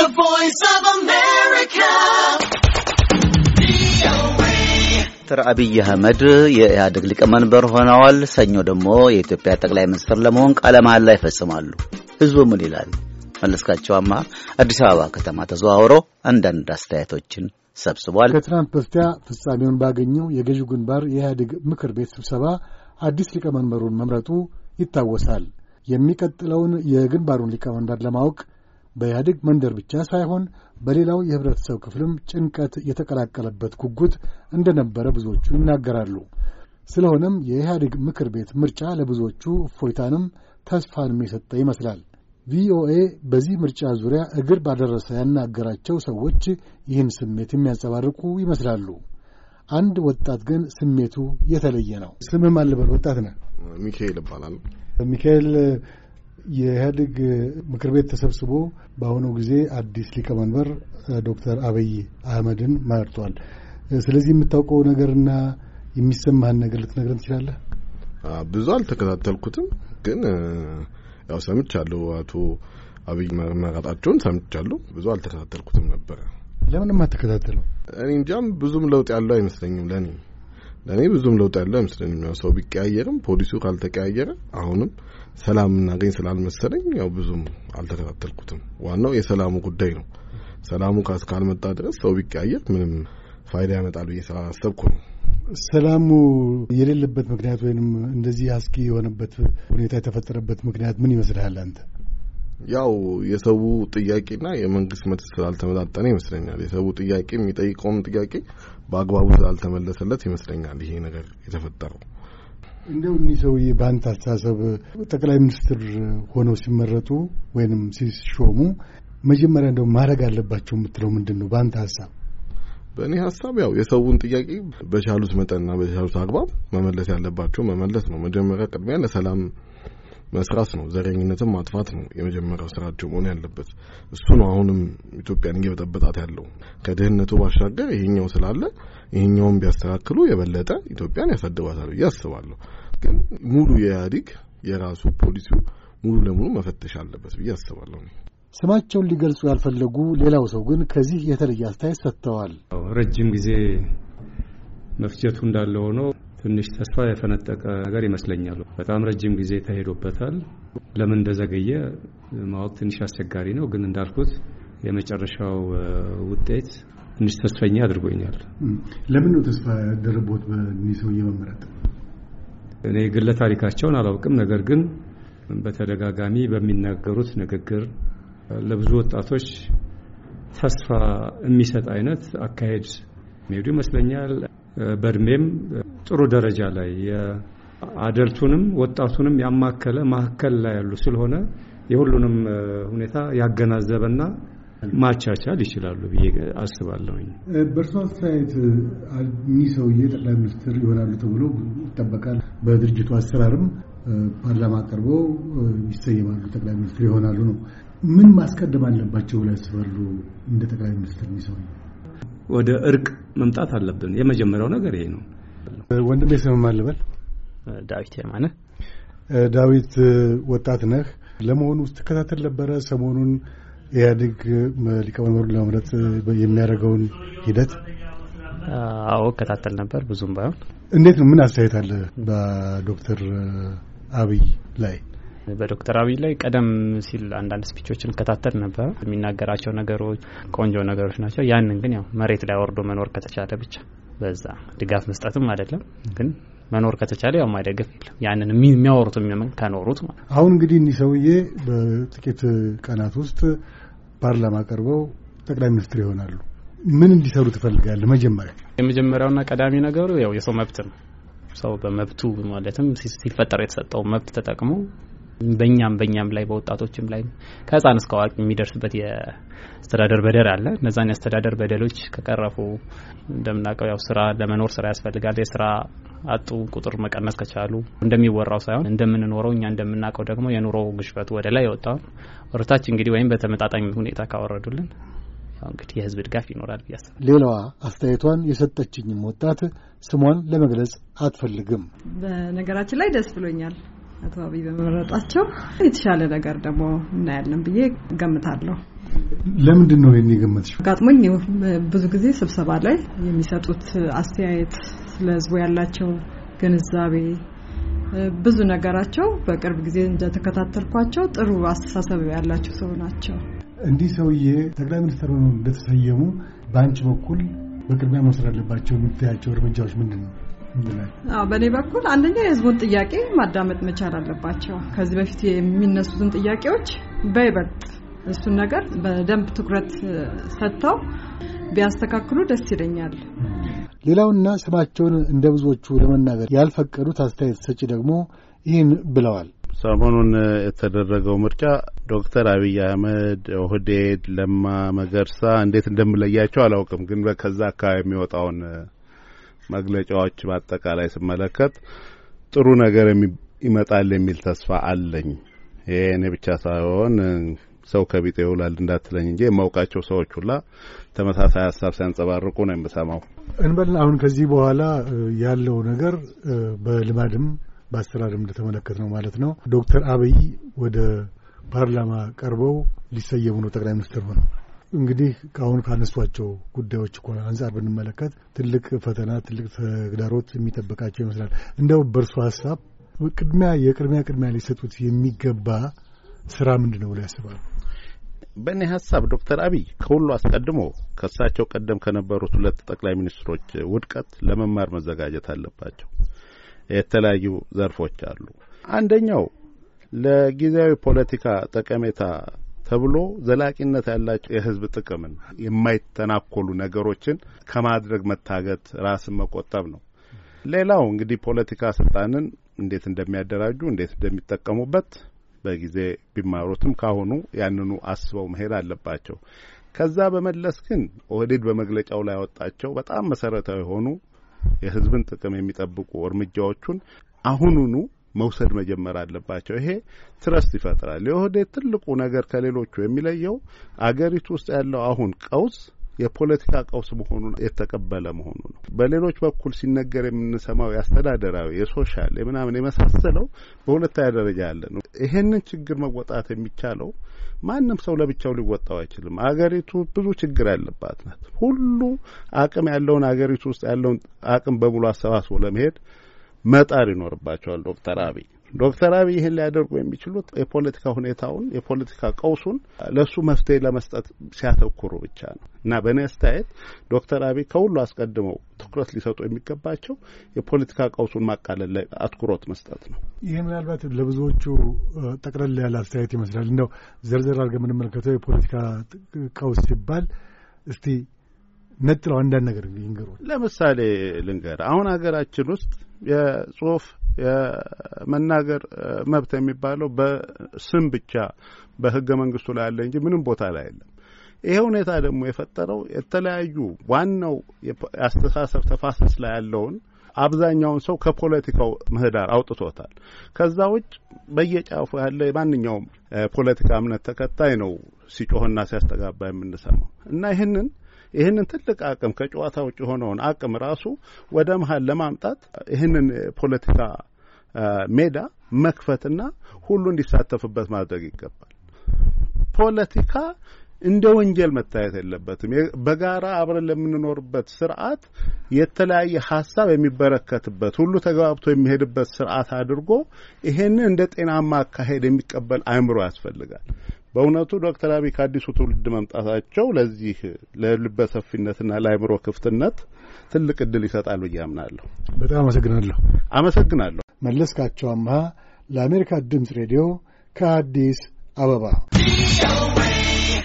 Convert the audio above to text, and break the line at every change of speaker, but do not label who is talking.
The Voice of America. ዶክተር አብይ አህመድ የኢህአዴግ ሊቀመንበር ሆነዋል። ሰኞ ደግሞ የኢትዮጵያ ጠቅላይ ሚኒስትር ለመሆን ቃለ መሐላ ይፈጽማሉ። ህዝቡ ምን ይላል? መለስካቸው አማ አዲስ አበባ ከተማ ተዘዋውሮ አንዳንድ አስተያየቶችን ሰብስቧል። ከትናንት በስቲያ
ፍጻሜውን ባገኘው የገዢው ግንባር የኢህአዴግ ምክር ቤት ስብሰባ አዲስ ሊቀመንበሩን መምረጡ ይታወሳል። የሚቀጥለውን የግንባሩን ሊቀመንበር ለማወቅ በኢህአዴግ መንደር ብቻ ሳይሆን በሌላው የህብረተሰብ ክፍልም ጭንቀት የተቀላቀለበት ጉጉት እንደነበረ ብዙዎቹ ይናገራሉ። ስለሆነም የኢህአዴግ ምክር ቤት ምርጫ ለብዙዎቹ እፎይታንም ተስፋንም የሰጠ ይመስላል። ቪኦኤ በዚህ ምርጫ ዙሪያ እግር ባደረሰ ያናገራቸው ሰዎች ይህን ስሜት የሚያንጸባርቁ ይመስላሉ። አንድ ወጣት ግን ስሜቱ የተለየ ነው። ስምህ አልበል ወጣት ነህ?
ሚካኤል እባላለሁ።
ሚካኤል የኢህአዴግ ምክር ቤት ተሰብስቦ በአሁኑ ጊዜ አዲስ ሊቀመንበር ዶክተር አብይ አህመድን መርጧል። ስለዚህ የምታውቀው ነገርና የሚሰማህን ነገር ልትነግረን ትችላለህ?
ብዙ አልተከታተልኩትም፣ ግን ያው ሰምቻለሁ። አቶ አብይ መመረጣቸውን ሰምቻለሁ። ብዙ አልተከታተልኩትም ነበረ።
ለምንም አልተከታተለው
እኔ እንጃም፣ ብዙም ለውጥ ያለው አይመስለኝም ለእኔ ለእኔ ብዙም ለውጥ ያለው አይመስለኝም። ያው ሰው ቢቀያየርም ፖሊሱ ካልተቀያየረ አሁንም ሰላም እናገኝ ስላልመሰለኝ ያው ብዙም አልተከታተልኩትም። ዋናው የሰላሙ ጉዳይ ነው። ሰላሙ እስካልመጣ ድረስ ሰው ቢቀያየር ምንም ፋይዳ ያመጣል ብዬ ስላላሰብኩ
ነው። ሰላሙ የሌለበት ምክንያት ወይንም እንደዚህ አስጊ የሆነበት ሁኔታ የተፈጠረበት ምክንያት ምን ይመስልሃል አንተ?
ያው የሰው ጥያቄና የመንግስት መልስ ስላልተመጣጠነ ይመስለኛል። የሰው ጥያቄ የሚጠይቀውም ጥያቄ በአግባቡ ስላልተመለሰለት ይመስለኛል ይሄ ነገር የተፈጠረው።
እንደው እኒህ ሰውዬ በአንተ አስተሳሰብ ጠቅላይ ሚኒስትር ሆነው ሲመረጡ ወይንም ሲሾሙ መጀመሪያ እንደው ማድረግ አለባቸው የምትለው ምንድን ነው በአንተ ሀሳብ?
በእኔ ሀሳብ ያው የሰውን ጥያቄ በቻሉት መጠንና በቻሉት አግባብ መመለስ ያለባቸው መመለስ ነው። መጀመሪያ ቅድሚያ ለሰላም መስራት ነው፣ ዘረኝነትን ማጥፋት ነው የመጀመሪያው ስራቸው መሆን ያለበት። እሱ ነው አሁንም ኢትዮጵያን እየበጠበጣት ያለው። ከድህነቱ ባሻገር ይሄኛው ስላለ ይሄኛውን ቢያስተካክሉ የበለጠ ኢትዮጵያን ያሳድባታል ብዬ አስባለሁ። ግን ሙሉ የኢህአዴግ የራሱ ፖሊሲው ሙሉ ለሙሉ መፈተሽ አለበት ብዬ አስባለሁ።
ስማቸውን ሊገልጹ ያልፈለጉ ሌላው ሰው ግን ከዚህ የተለየ አስተያየት ሰጥተዋል።
ረጅም ጊዜ መፍጀቱ እንዳለ ሆኖ ትንሽ ተስፋ የፈነጠቀ ነገር ይመስለኛል። በጣም ረጅም ጊዜ ተሄዶበታል። ለምን እንደዘገየ ማወቅ ትንሽ አስቸጋሪ ነው። ግን እንዳልኩት የመጨረሻው ውጤት ትንሽ ተስፈኛ አድርጎኛል።
ለምን ነው ተስፋ ያደረቦት በእኒህ ሰውዬ መመረጥ?
እኔ ግለ ታሪካቸውን አላውቅም። ነገር ግን በተደጋጋሚ በሚናገሩት ንግግር ለብዙ ወጣቶች ተስፋ የሚሰጥ አይነት አካሄድ ሄዱ ይመስለኛል። በእድሜም ጥሩ ደረጃ ላይ አደልቱንም ወጣቱንም ያማከለ ማዕከል ላይ ያሉ ስለሆነ የሁሉንም ሁኔታ ያገናዘበና ማቻቻል ይችላሉ ብዬ አስባለሁኝ።
በእርሶ አስተያየት አልሚ ሰውዬ ጠቅላይ ሚኒስትር ይሆናሉ ተብሎ ይጠበቃል። በድርጅቱ አሰራርም ፓርላማ ቀርቦ ይሰየማሉ፣ ጠቅላይ ሚኒስትር ይሆናሉ ነው። ምን ማስቀደም አለባቸው ላይ ያስባሉ እንደ ጠቅላይ
ሚኒስትር አልሚ ሰውዬ? ወደ እርቅ መምጣት አለብን። የመጀመሪያው ነገር ይሄ ነው።
ወንድም ስም ማን ልበል? ዳዊት የማነ። ዳዊት ወጣት ነህ። ለመሆኑ ስትከታተል ነበረ ሰሞኑን ኢህአዴግ ሊቀመንበሩን ለመምረጥ የሚያደርገውን ሂደት?
አዎ እከታተል ነበር፣ ብዙም ባይሆን።
እንዴት ነው? ምን አስተያየት አለ በዶክተር አብይ
ላይ? በዶክተር አብይ ላይ ቀደም ሲል አንዳንድ ስፒቾችን እከታተል ነበር። የሚናገራቸው ነገሮች ቆንጆ ነገሮች ናቸው። ያንን ግን ያው መሬት ላይ ወርዶ መኖር ከተቻለ ብቻ በዛ ድጋፍ መስጠትም አይደለም ግን መኖር ከተቻለ ያው ማይደግፍ የለም። ያንን የሚያወሩት ከኖሩት ማለት
አሁን እንግዲህ እኒህ ሰውዬ በጥቂት ቀናት ውስጥ ፓርላማ ቀርበው ጠቅላይ ሚኒስትር ይሆናሉ። ምን እንዲሰሩ ትፈልጋለህ? መጀመሪያ
የመጀመሪያውና ቀዳሚ ነገሩ ያው የሰው መብት ነው። ሰው በመብቱ ማለትም ሲፈጠር የተሰጠው መብት ተጠቅሞ በእኛም በእኛም ላይ በወጣቶችም ላይ ከህፃን እስከ አዋቂ የሚደርስበት የአስተዳደር በደል አለ። እነዛን የአስተዳደር በደሎች ከቀረፉ እንደምናውቀው ያው ስራ ለመኖር ስራ ያስፈልጋል። የስራ አጡ ቁጥር መቀነስ ከቻሉ እንደሚወራው ሳይሆን እንደምንኖረው እኛ እንደምናውቀው ደግሞ የኑሮ ግሽበቱ ወደ ላይ የወጣውን ወርታች እንግዲህ ወይም በተመጣጣኝ ሁኔታ ካወረዱልን እንግዲህ የህዝብ ድጋፍ ይኖራል ብዬ አስባለሁ።
ሌላዋ አስተያየቷን የሰጠችኝም ወጣት ስሟን ለመግለጽ አትፈልግም።
በነገራችን ላይ ደስ ብሎኛል። አቶ አብይ በመረጣቸው የተሻለ ነገር ደግሞ እናያለን ብዬ ገምታለሁ።
ለምንድን ነው ይህን የገመትሽው?
አጋጥሞኝ ብዙ ጊዜ ስብሰባ ላይ የሚሰጡት አስተያየት፣ ስለ ህዝቡ ያላቸው ግንዛቤ ብዙ ነገራቸው በቅርብ ጊዜ እንደተከታተልኳቸው ጥሩ አስተሳሰብ ያላቸው ሰው ናቸው።
እንዲህ ሰውዬ ጠቅላይ ሚኒስትር እንደተሰየሙ በአንቺ በኩል በቅድሚያ መውሰድ አለባቸው የምታያቸው እርምጃዎች ምንድን ነው?
በእኔ በኩል አንደኛ የህዝቡን ጥያቄ ማዳመጥ መቻል አለባቸው። ከዚህ በፊት የሚነሱትን ጥያቄዎች በይበልጥ እሱን ነገር በደንብ ትኩረት ሰጥተው ቢያስተካክሉ ደስ ይለኛል።
ሌላውና ስማቸውን እንደ ብዙዎቹ ለመናገር ያልፈቀዱት አስተያየት ሰጪ ደግሞ ይህን ብለዋል።
ሰሞኑን የተደረገው ምርጫ ዶክተር አብይ አህመድ፣ ኦህዴድ፣ ለማ መገርሳ እንዴት እንደምለያቸው አላውቅም፣ ግን ከዛ አካባቢ የሚወጣውን መግለጫዎች በአጠቃላይ ስመለከት ጥሩ ነገር ይመጣል የሚል ተስፋ አለኝ። ይሄ እኔ ብቻ ሳይሆን ሰው ከቢጤ ይውላል እንዳትለኝ እንጂ የማውቃቸው ሰዎች ሁላ ተመሳሳይ ሀሳብ ሲያንጸባርቁ ነው የምሰማው።
እንበል አሁን ከዚህ በኋላ ያለው ነገር በልማድም በአሰራርም እንደተመለከት ነው ማለት ነው። ዶክተር አብይ ወደ ፓርላማ ቀርበው ሊሰየሙ ነው ጠቅላይ ሚኒስትር ሆነው እንግዲህ ከአሁን ካነሷቸው ጉዳዮች እኮ አንጻር ብንመለከት ትልቅ ፈተና፣ ትልቅ ተግዳሮት የሚጠበቃቸው ይመስላል። እንደው በእርሱ ሀሳብ ቅድሚያ የቅድሚያ ቅድሚያ ሊሰጡት የሚገባ ስራ ምንድን ነው ብሎ ያስባሉ?
በእኔ ሀሳብ ዶክተር አብይ ከሁሉ አስቀድሞ ከእሳቸው ቀደም ከነበሩት ሁለት ጠቅላይ ሚኒስትሮች ውድቀት ለመማር መዘጋጀት አለባቸው። የተለያዩ ዘርፎች አሉ። አንደኛው ለጊዜያዊ ፖለቲካ ጠቀሜታ ተብሎ ዘላቂነት ያላቸው የህዝብ ጥቅምን የማይተናኮሉ ነገሮችን ከማድረግ መታገት፣ ራስን መቆጠብ ነው። ሌላው እንግዲህ ፖለቲካ ስልጣንን እንዴት እንደሚያደራጁ እንዴት እንደሚጠቀሙበት በጊዜ ቢማሩትም ካሁኑ ያንኑ አስበው መሄድ አለባቸው። ከዛ በመለስ ግን ኦህዴድ በመግለጫው ላይ ያወጣቸው በጣም መሰረታዊ የሆኑ የህዝብን ጥቅም የሚጠብቁ እርምጃዎቹን አሁኑኑ መውሰድ መጀመር አለባቸው። ይሄ ትረስት ይፈጥራል። የኦህዴድ ትልቁ ነገር ከሌሎቹ የሚለየው አገሪቱ ውስጥ ያለው አሁን ቀውስ የፖለቲካ ቀውስ መሆኑን የተቀበለ መሆኑ ነው። በሌሎች በኩል ሲነገር የምንሰማው የአስተዳደራዊ፣ የሶሻል፣ የምናምን የመሳሰለው በሁለተኛ ደረጃ ያለ ነው። ይሄንን ችግር መወጣት የሚቻለው ማንም ሰው ለብቻው ሊወጣው አይችልም። አገሪቱ ብዙ ችግር ያለባት ናት። ሁሉ አቅም ያለውን አገሪቱ ውስጥ ያለውን አቅም በሙሉ አሰባስቦ ለመሄድ መጣር ይኖርባቸዋል ዶክተር አብይ ዶክተር አብይ ይህን ሊያደርጉ የሚችሉት የፖለቲካ ሁኔታውን የፖለቲካ ቀውሱን ለእሱ መፍትሄ ለመስጠት ሲያተኩሩ ብቻ ነው እና በእኔ አስተያየት ዶክተር አብይ ከሁሉ አስቀድመው ትኩረት ሊሰጡ የሚገባቸው የፖለቲካ ቀውሱን ማቃለል ላይ አትኩሮት መስጠት ነው።
ይህ ምናልባት ለብዙዎቹ ጠቅለል ያለ አስተያየት ይመስላል። እንደው ዘርዘር አድርገን የምንመለከተው የፖለቲካ ቀውስ ሲባል እስቲ ነጥለው አንዳንድ ነገር ይንገሩ።
ለምሳሌ ልንገር አሁን ሀገራችን ውስጥ የጽሁፍ የመናገር መብት የሚባለው በስም ብቻ በህገ መንግስቱ ላይ አለ እንጂ ምንም ቦታ ላይ የለም። ይሄ ሁኔታ ደግሞ የፈጠረው የተለያዩ ዋናው የአስተሳሰብ ተፋሰስ ላይ ያለውን አብዛኛውን ሰው ከፖለቲካው ምህዳር አውጥቶታል። ከዛ ውጭ በየጫፉ ያለ የማንኛውም ፖለቲካ እምነት ተከታይ ነው ሲጮህና ሲያስተጋባ የምንሰማው እና ይህንን ይህንን ትልቅ አቅም ከጨዋታ ውጭ የሆነውን አቅም ራሱ ወደ መሀል ለማምጣት ይህንን ፖለቲካ ሜዳ መክፈትና ሁሉ እንዲሳተፍበት ማድረግ ይገባል። ፖለቲካ እንደ ወንጀል መታየት የለበትም። በጋራ አብረን ለምንኖርበት ስርዓት የተለያየ ሀሳብ የሚበረከትበት ሁሉ ተግባብቶ የሚሄድበት ስርዓት አድርጎ ይሄንን እንደ ጤናማ አካሄድ የሚቀበል አእምሮ ያስፈልጋል። በእውነቱ ዶክተር አብይ ከአዲሱ ትውልድ መምጣታቸው ለዚህ ለልበ ሰፊነትና ለአእምሮ ክፍትነት ትልቅ እድል ይሰጣሉ ብዬ አምናለሁ።
በጣም አመሰግናለሁ።
አመሰግናለሁ።
መለስካቸው አምሃ ለአሜሪካ ድምፅ ሬዲዮ ከአዲስ አበባ